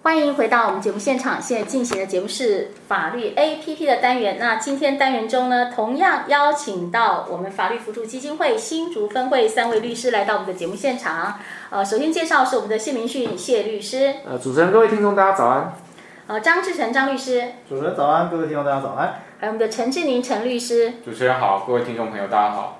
歡迎回到我們節目現場，現在進行的節目是法律 APP 的單元。那今天單元中呢，同樣邀請到我們法律扶助基金會新竹分會三位律師來到我們的節目現場。呃，首先介紹是我們的謝明訓謝律師。呃，主持人，各位聽眾，大家早安。呃，張智程張律師。主持人早安，各位聽眾大家早安。還有我們的陳志寧陳律師。主持人好，各位聽眾朋友大家好。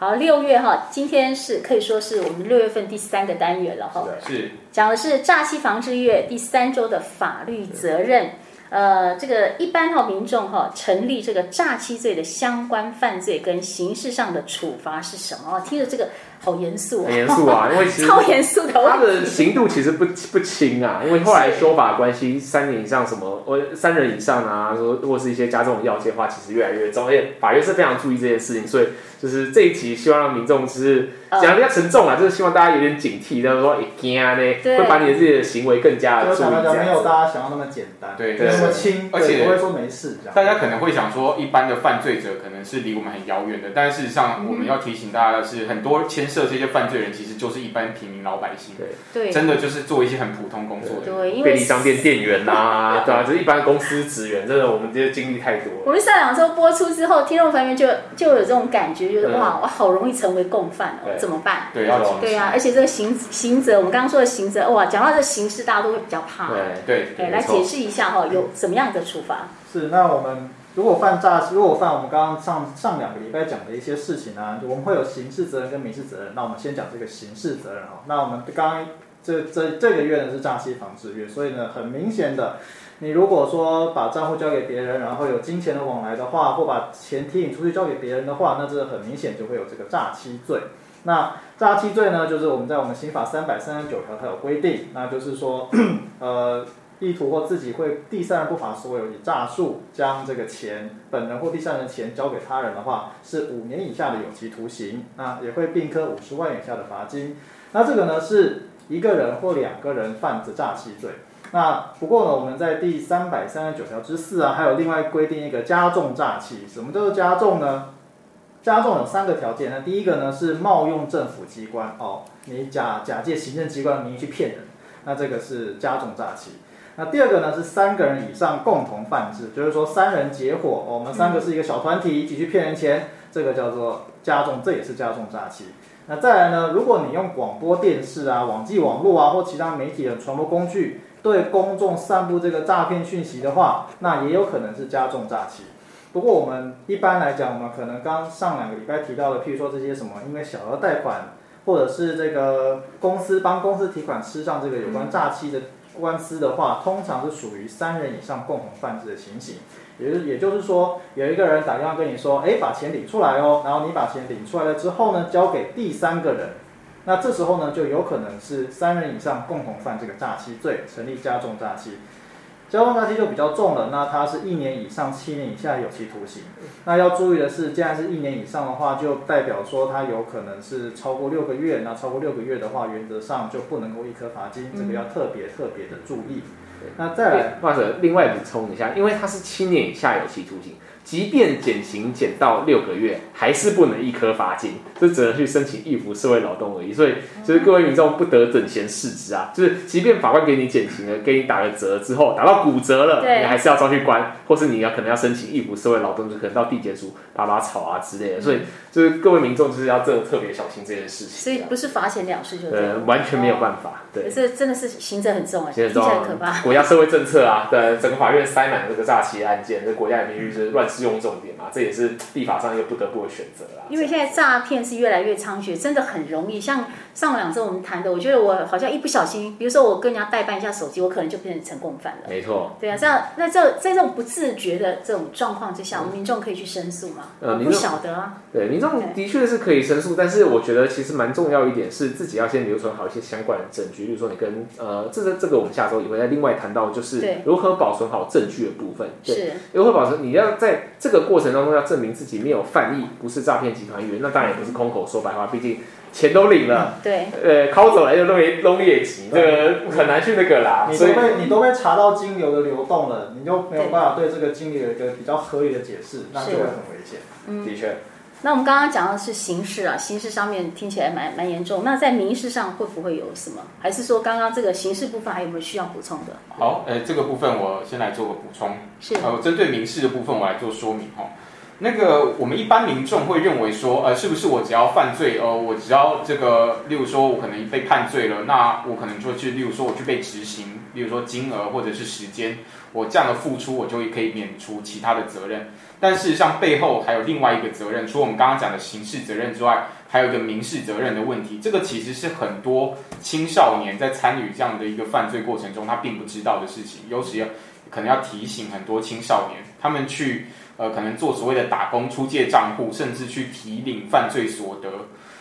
好，六月哈，今天是可以說是我們六月份第三個單元了哈。是講的是詐欺防治月第三周的法律責任。的呃，這個一般哈民眾哈成立這個詐欺罪的相關犯罪跟刑事上的處罰是什麼？聽着這個。好嚴肅、啊，很嚴肅啊，因為其實超嚴肅的，他的刑度其實不不輕啊，因為後來修法關係三年以上什麼，呃，三人以上啊，說如果是一些加重的要件的話，其實越來越重，而且法院是非常注意這件事情，所以就是這一集希望讓民眾就是，講的、呃、比較沉重啊，就是希望大家有點警惕，然、就是說也驚呢，對會把你的自己的行為更加的，注意。沒有大家想象那麼簡單，對，那麼輕，而且不會說沒事，大家可能會想說一般的犯罪者可能是離我們很遙遠的，但事實上我們要提醒大家的是很多前。設這些犯罪人其實就是一般平民老百姓，對，真的就是做一些很普通工作的，便利商店店員吶，對啊，就一般公司職員，真的我們這些經歷太多了。我們上兩週播出之後，聽眾朋友就就有這種感覺，就是哇，我好容易成為共犯，怎麼辦？對啊，對啊，而且這個刑刑責，我們剛剛說的刑責，哇，講到這刑事，大家都會比較怕。對對，哎，來解釋一下哈，有什麼樣的處罰？是那我們。如果犯詐，如果犯我們剛剛上上兩個禮拜講的一些事情呢，我們會有刑事責任跟民事責任。那我們先講這個刑事責任哈。那我們剛這這這個月呢是詐欺防治月，所以呢很明顯的，你如果說把賬戶交給別人，然後有金錢的往來的話，或把錢提領出去交給別人的話，那這很明顯就會有這個詐欺罪。那詐欺罪呢，就是我們在我們刑法三百三十九條它有規定，那就是說呃。意圖或自己會第三人不法所有，以詐術將這個錢本人或第三人的錢交給他人的話，是五年以下的有期徒刑啊，也會併科五十萬以下的罰金。那這個呢是一個人或兩個人犯的詐欺罪。那不過呢，我們在第三百三十九條之四啊，還有另外規定一個加重詐欺。什麼叫做加重呢？加重有三個條件。那第一個呢是冒用政府機關哦，你假假借行政機關的名義去騙人，那這個是加重詐欺。那第二個呢，是三個人以上共同犯罪，就是說三人結夥，我們三個是一個小團體一起去騙人錢，這個叫做加重，這也是加重詐欺。那再來呢，如果你用廣播電視啊、網際網路啊或其他媒體的傳播工具對公眾散布這個詐騙訊息的話，那也有可能是加重詐欺。不過我們一般來講，我們可能剛上兩個禮拜提到的，譬如說這些什麼，因為小額貸款或者是這個公司幫公司提款吃上這個有關詐欺的。官司的話，通常是屬於三人以上共同犯罪的情形，也就是、也就是說，有一個人打電話跟你說，哎，把錢領出來哦，然後你把錢領出來了之後呢，交給第三個人，那這時候呢，就有可能是三人以上共同犯這個詐欺罪，成立加重詐欺。加重詐欺就比較重了，那它是一年以上七年以下有期徒刑。那要注意的是，既然是一年以上的話，就代表說它有可能是超過六個月。那超過六個月的話，原則上就不能夠易科罰金，這個要特別特別的注意。嗯、那再來或者另外補充一下，因為它是七年以下有期徒刑。即便減刑減到六個月，還是不能易科罰金，這只能去申請易服社會勞動而已。所以，就是各位民眾不得等閒視之啊！就是，即便法官給你減刑了，給你打了折之後，打到骨折了，你還是要抓去關，對或是你要可能要申請易服社會勞動，就可能到地檢署拔拔草啊之類的。所以，就是各位民眾就是要這特別小心這件事情。所以不是罰錢了事就、呃、完全沒有辦法。對，哦、這真的是刑責很重啊、欸，刑責很可怕、嗯。國家社會政策啊，對，整個法院塞滿了這個詐欺案件，這國家也名譽是亂。適用重點嘛，這也是立法上又不得不選擇的選擇啦。因為現在詐騙是越來越猖獗，真的很容易。像上兩週我們談的，我覺得我好像一不小心，比如說我跟人家代辦一下手機，我可能就變成共犯了。沒錯錯，對啊，這樣那這在這種不自覺的這種狀況之下，我們、嗯、民眾可以去申訴嗎？呃，不曉得啊。對，民眾的確是可以申訴，對但是我覺得其實蠻重要一點是自己要先留存好一些相關的證據，比如說你跟呃，這個這個我們下週也會再另外談到，就是如何保存好證據的部分。對是對，如何保存？你要在這個過程當中要證明自己沒有犯意，不是詐騙集團員，那當然也不是空口說白話，畢竟錢都領了，嗯、對，呃，考走來就弄一弄業績，這個對很難去那個啦。對以你都被你都被查到金流的流動了，你就沒有辦法對這個金流有一個比較合理的解釋，對那就會很危險，的，嗯、的確。那我們剛剛講的是刑事啊，刑事上面聽起來蠻蠻嚴重。那在民事上會不會有什麼？還是說剛剛這個刑事部分還有沒有需要補充的？好，呃，這個部分我先來做個補充。是。呃，針對民事的部分我來做說明哈。那個我們一般民眾會認為說，呃，是不是我只要犯罪哦，我只要這個，例如說我可能被判罪了，那我可能就去，例如說我去被執行。比如說金額或者是時間，我這樣的付出，我就會可以免除其他的責任。但事實上背後還有另外一個責任，除了我們剛剛講的刑事責任之外，還有一個民事責任的問題。這個其實是很多青少年在參與這樣的一個犯罪過程中，他並不知道的事情。尤其要可能要提醒很多青少年，他們去呃可能做所謂的打工、出借賬戶，甚至去提領犯罪所得。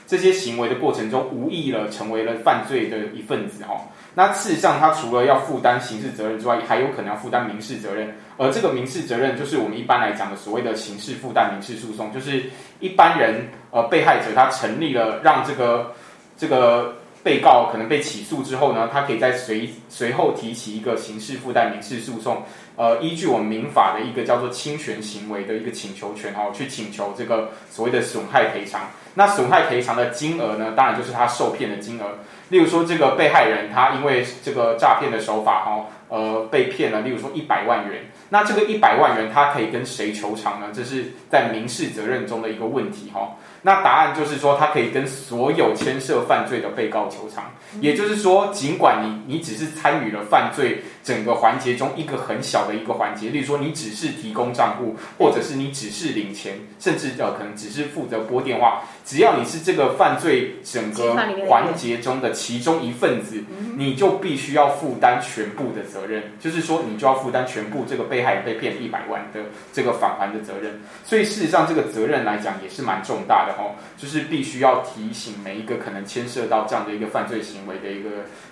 這些行為的過程中，無意了成為了犯罪的一份子哈，那事實上他除了要負擔刑事責任之外，還有可能要負擔民事責任，而這個民事責任就是我們一般來講的所謂的刑事附帶民事訴訟，就是一般人呃被害者他成立了讓這個這個被告可能被起訴之後呢，他可以在隨隨後提起一個刑事附帶民事訴訟，呃，依據我們民法的一個叫做侵權行為的一個請求權哦，去請求這個所謂的損害賠償。那損害賠償的金額呢？當然就是他受騙的金額。例如說，這個被害人他因為這個詐騙的手法，哦，呃，被騙了，例如說一百萬元。那這個一百萬元，他可以跟誰求償呢？這是在民事責任中的一個問題，哈。那答案就是說，他可以跟所有牽涉犯罪的被告求償。也就是說，儘管你你只是參與了犯罪整個環節中一個很小的一個環節，例如說你只是提供賬戶，或者是你只是領錢，甚至呃可能只是負責撥電話。只要你是這個犯罪整個環節中的其中一份子，你就必須要負擔全部的責任。就是說，你就要負擔全部這個被害人被騙一百萬的這個返還的責任。所以事實上，這個責任來講也是蠻重大的哦，就是必須要提醒每一個可能牽涉到這樣的一個犯罪行為的一個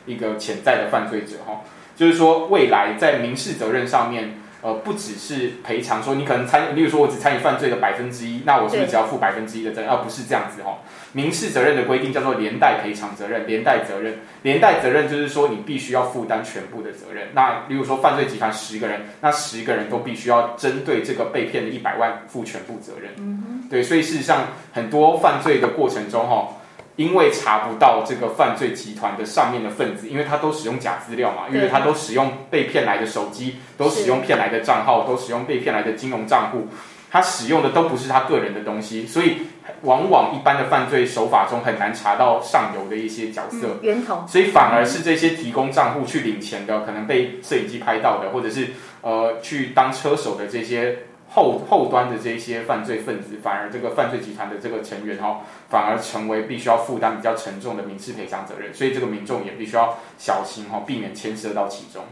一個潛在的犯罪者哦。就是說未來在民事責任上面。呃，不只是賠償，說你可能參與，例如說，我只參與犯罪的百分之一，那我是不是只要負百分之一的責任？而對、啊、不是這樣子哈、哦。民事責任的規定叫做連帶賠償責任、連帶責任、連帶責任，就是說你必須要負擔全部的責任。那例如說犯罪集團十個人，那十個人都必須要針對這個被騙的一百萬負全部責任。嗯哼對，所以事實上很多犯罪的過程中哈、哦。因為查不到這個犯罪集團的上面的分子，因為他都使用假資料嘛，因為他都使用被騙來的手機，都使用騙來的賬號，都使用被騙來的金融賬戶，他使用的都不是他個人的東西，所以往往一般的犯罪手法中很難查到上游的一些角色源頭，所以反而是這些提供賬戶去領錢的，可能被攝影機拍到的，或者是呃去當車手的這些，後後端的這些犯罪分子，反而這個犯罪集團的這個成員哈，後反而成為必須要負擔比較沉重的民事賠償責任，所以這個民眾也必須要小心哈，避免牽涉到其中，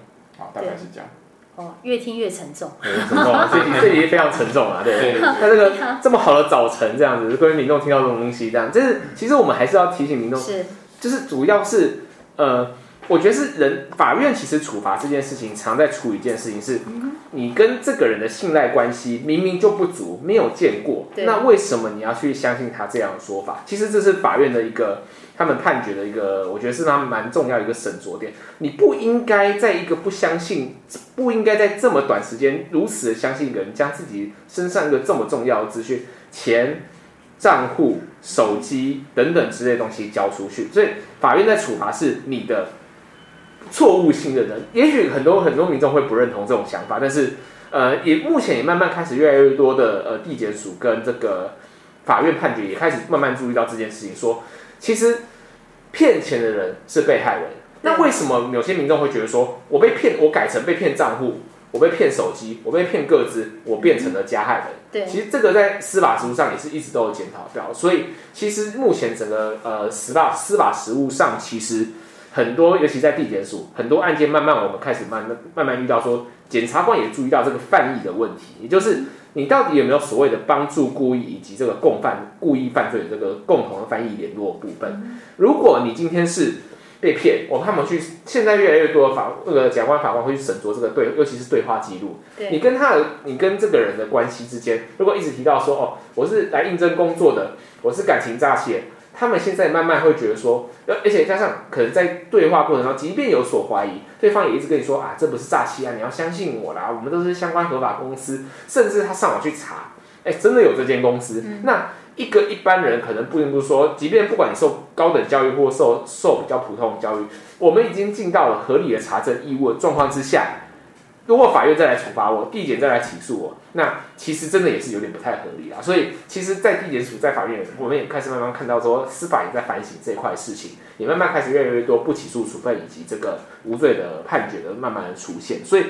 大概是這樣。哦，越聽越沉重，沉重，這這已經非常沉重啊，對，他這個這麼好的早晨這樣子，各位民眾聽到這種東西這樣，這是其實我們還是要提醒民眾，是，就是主要是呃。我覺得是人法院其實處罰這件事情，常在處一件事情，是你跟這個人的信賴關係明明就不足，沒有見過，對那為什麼你要去相信他這樣的說法？其實這是法院的一個，他們判決的一個，我覺得是他們蠻重要的一個審酌點。你不應該在一個不相信，不應該在這麼短時間如此的相信一個人，將自己身上一個這麼重要的資訊、錢、賬戶、手機等等之類的東西交出去。所以法院在處罰是你的。錯誤性的人，也許很多很多民眾會不認同這種想法，但是，呃，也目前也慢慢開始越來越多的呃，地檢署跟這個法院判決也開始慢慢注意到這件事情說，說其實騙錢的人是被害人，那對為什麼有些民眾會覺得說，我被騙，我改成被騙賬戶，我被騙手機，我被騙個資，我變成了加害人？對，其實這個在司法實務上也是一直都有檢討掉，所以其實目前整個呃司法司法實務上其實。很多，尤其在地檢署，很多案件，慢慢我們開始慢慢慢慢遇到說，檢察官也注意到這個犯意的問題，也就是你到底有沒有所謂的幫助故意，以及這個共犯故意犯罪的這個共同的犯意聯絡部分。嗯、如果你今天是被騙，我、哦、他們去，現在越來越多的法那個檢察官法官會去審酌這個對，尤其是對話記錄，對你跟他你跟這個人的關係之間，如果一直提到說哦，我是來應徵工作的，我是感情詐騙。他們現在慢慢會覺得說，而且加上可能在對話過程中，即便有所懷疑，對方也一直跟你說啊，這不是詐欺啊，你要相信我啦，我們都是相關合法公司。甚至他上網去查，哎、欸，真的有這間公司。嗯、那一個一般人可能不得不說，即便不管你受高等教育或受受比較普通的教育，我們已經盡到了合理的查證義務的狀況之下，如果法院再來處罰我，地檢再來起訴我。那其實真的也是有點不太合理啊，所以其實，在地檢署、在法院的，我們也開始慢慢看到說，司法也在反省這一塊事情，也慢慢開始越來越多不起訴處分以及這個無罪的判決的慢慢的出現。所以，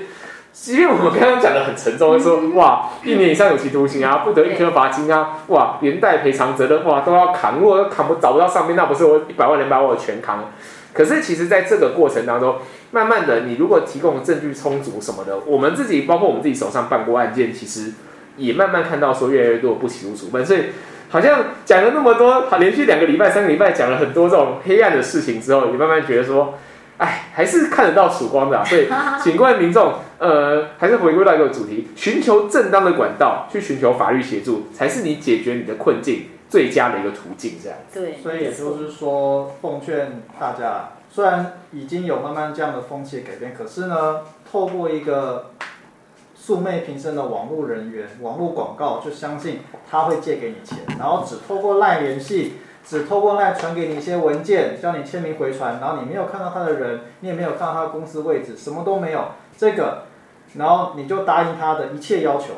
即便我們剛剛講的很沉重，就是、說哇，一年以上有期徒刑啊，不得一顆罰金啊，哇，連帶賠償責任哇都要扛，如果都扛不找不到上面，那不是我一百萬兩百萬我全扛可是，其實，在這個過程當中，慢慢的，你如果提供證據充足什麼的，我們自己包括我們自己手上辦過案件，其實也慢慢看到說越來越多不起訴處分，所以好像講了那麼多，連續兩個禮拜、三個禮拜講了很多這種黑暗的事情之後，你慢慢覺得說，哎，還是看得到曙光的啊。所以，請各位民眾，呃，還是回歸到一個主題，尋求正當的管道去尋求法律協助，才是你解決你的困境。最佳的一個途徑，這樣子對，所以也就是說，奉勸大家，雖然已經有慢慢這樣的風氣改變，可是呢，透過一個素昧平生的網絡人員、網絡廣告，就相信他會借給你錢，然後只透過賴聯繫，只透過賴傳給你一些文件，叫你簽名回傳，然後你沒有看到他的人，你也沒有看到他的公司位置，什麼都沒有，這個，然後你就答應他的一切要求。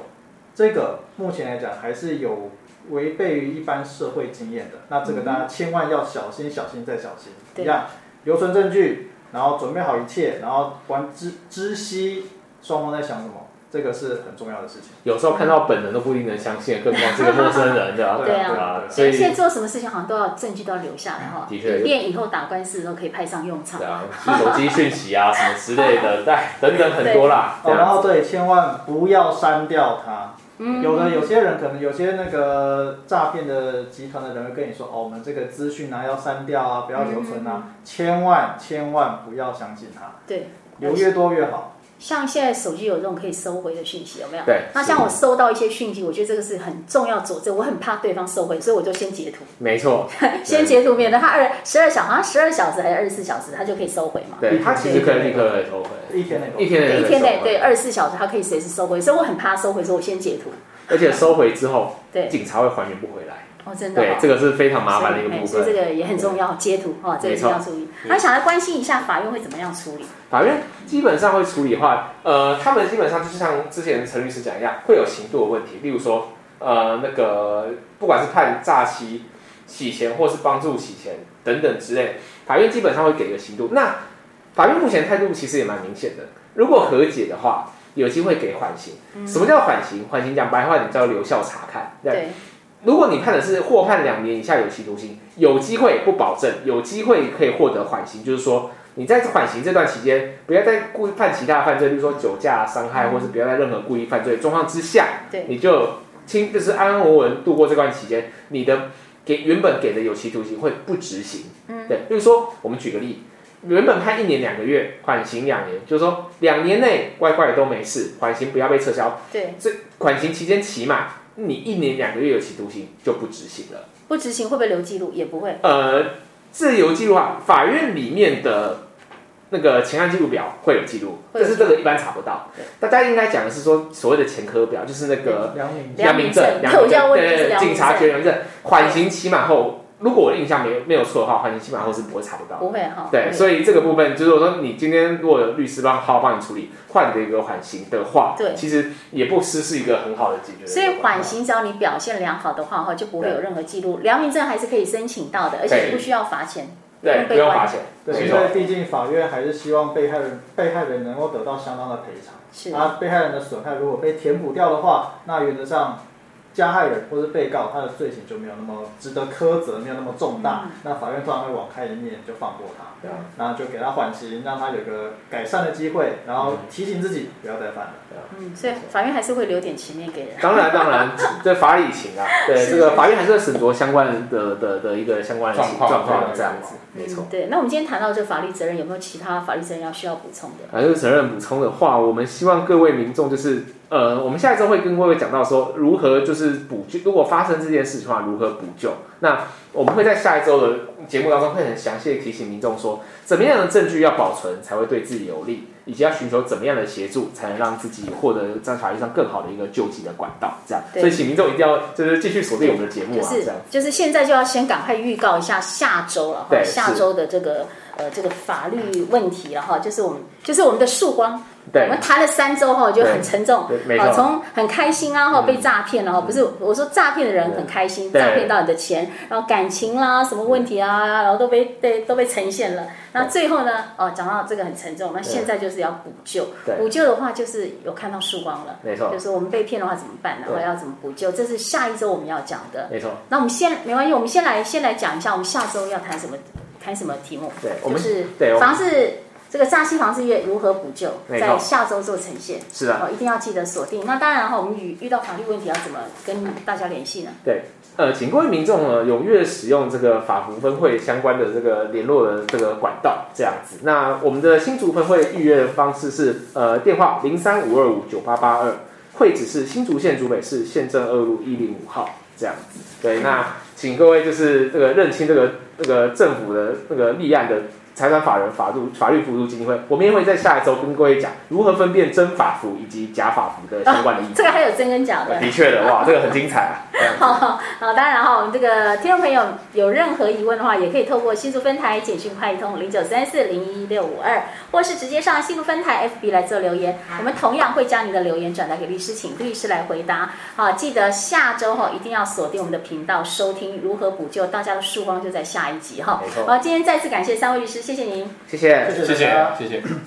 這個目前來講還是有違背於一般社會經驗的，那這個大家千萬要小心，小心再小心。你看留存證據，然後準備好一切，然後觀知知悉雙方在想什麼，這個是很重要的事情。有時候看到本人都不一定能相信，更何況是陌生人，對啊對啊。所以現在做什麼事情好像都要證據都要留下哈，以便以後打官司都可以派上用場。手機訊息啊什麼之類的，對，等等很多啦。然後對，千萬不要刪掉它。嗯，有的，有些人可能有些那個詐騙的集團的人會跟你說哦，我們這個資訊啊要刪掉啊，不要留存啊，嗯，千萬千萬不要相信他。對，留越多越好。像現在手機有這種可以收回的訊息有沒有？對，那像我收到一些訊息，是我覺得這個是很重要佐證，我很怕對方收回，所以我就先截圖。沒錯錯， 先截圖免得對他二十二小啊，十二小時還是二十四小時，他就可以收回嘛？對，他其實可以立刻收回，一天內，一天內，一天內，一天內，對，二十四小時他可以隨時收回，所以我很怕收回，所以我先截圖。而且收回之後，對，警察會還原不回來。對哦，真的，哦，對，這個是非常麻煩的一個部分。這個也很重要，截圖、嗯、哦，這個要注意。那想要關心一下法院會怎麼樣處理？法院基本上會處理的話，呃，他們基本上就是像之前陳律師講一樣，會有刑度的問題，例如說，呃，那個不管是判詐欺、洗錢或是幫助洗錢等等之類，法院基本上會給個刑度。那法院目前態度其實也蠻明顯的，如果和解的話。有機會給緩刑，什麼叫緩刑？緩刑講白話，你知道留校察看。對，對如果你判的是或判兩年以下有期徒刑，有機會不保證，有機會可以獲得緩刑，就是說你在緩刑這段期間，不要再故意犯其他犯罪，就是說酒駕、傷害，或者是不要在任何故意犯罪狀況之下，對你就輕就是安安穩穩度過這段期間，你的給原本給的有期徒刑會不執行。對，就是說我們舉個例。原本判一年兩個月，緩刑兩年，就是說兩年內乖乖都沒事，緩刑不要被撤銷。對，這緩刑期間起碼你一年兩個月有期徒刑就不執行了。不執行會不會留記錄？也不會。呃，自由記錄啊，法院裡面的那個前案記錄表會有記錄，記錄但是這個一般查不到。對大家應該講的是說，所謂的前科表就是那個良民證、良民證對警察決文證，緩刑期滿後。如果我印象沒沒有錯的話，緩刑基本上都是不會查不到，不會哈。對，所以這個部分就是我說，你今天如果有律師幫好好幫你處理，換一個一個緩刑的話，對，其實也不失是一個很好的解決。所以緩刑，只要你表現良好的話，哈，就不會有任何記錄，良民證還是可以申請到的，而且不需要罰錢，對，不用罰錢。對，因為畢竟法院還是希望被害人被害人能夠得到相當的賠償，是啊，被害人的損害如果被填補掉的話，那原則上。加害人或是被告，他的罪行就沒有那麼值得苛責，沒有那麼重大，嗯、那法院當然會網開一面，就放過他，然後、嗯、就給他緩刑，讓他有個改善的機會，然後提醒自己、嗯、不要再犯了。啊、嗯，所以法院還是會留點情面給人。當然當然，在 法理情啊，對這個法院還是會審酌相關的的的、的一個相關情況狀況這樣子，樣子沒錯錯、嗯。對，那我們今天談到這法律責任，有沒有其他法律責任要需要補充的？還是責任補充的話，我們希望各位民眾就是。呃，我們下一周會跟各位講到說，如何就是補救，如果發生這件事情的話，如何補救？那我們會在下一周的節目當中會很詳細的提醒民眾說，怎麼樣的證據要保存才會對自己有利，以及要尋求怎麼樣的協助，才能讓自己獲得在法律上更好的一個救濟的管道。這樣，對所以請民眾一定要就是繼續鎖定我們的節目啊，就是、這樣。就是現在就要先趕快預告一下下周了，對，下周的這個。呃，這個法律問題了哈，然後就是我們，就是我們的曙光。對，我們談了三周哈，就很沉重。沒錯，從很開心啊後被詐騙了哈，嗯、然後不是我說詐騙的人很開心，對詐騙到你的錢，然後感情啦、啊、什麼問題啊，然後都被被都被呈現了。那對最後呢，哦，講到這個很沉重，那現在就是要補救。對補救的話就是有看到曙光了。沒錯，就是我們被騙的話怎麼辦，然後要怎麼補救，這是下一周我們要講的。沒錯對，那我們先沒關係，我們先來先來講一下，我們下周要談什麼。開什麼題目？對，我們是，房子對、哦、這個詐欺房子月如何補救，後在下周做呈現。是的、啊，哦，一定要記得鎖定。那當然哈，我們遇遇到法律問題要怎麼跟大家聯繫呢？對，呃，請各位民眾呢踴躍使用這個法扶分會相關的這個聯絡的這個管道，這樣子。那我們的新竹分會預約的方式是呃電話零三五二五九八八二，2, 會址是新竹縣竹北市縣政二路一零五號，這樣子。對，那。嗯請各位就是這個認清這個這個政府的這個立案的。財產法人、法扶、法律扶助基金會，我們也會在下一周跟各位講如何分辨真法扶以及假法扶的相關的意義、哦。這個還有真跟假的。哦、的確的，哇，這個很精彩、啊。 嗯、好，好，當然哈、哦，我們這個聽眾朋友有任何疑問的話，也可以透過新竹分台簡訊快易通零九三四零一六五二，或是直接上新竹分台 FB 來做留言，我們同樣會將你的留言轉達給律師，請律師來回答。好、哦，記得下周哈、哦，一定要鎖定我們的頻道收聽如何補救，大家的曙光就在下一集哈。哦、沒錯錯。好，今天再次感謝三位律師。謝謝您，謝謝，謝謝，謝謝，謝謝。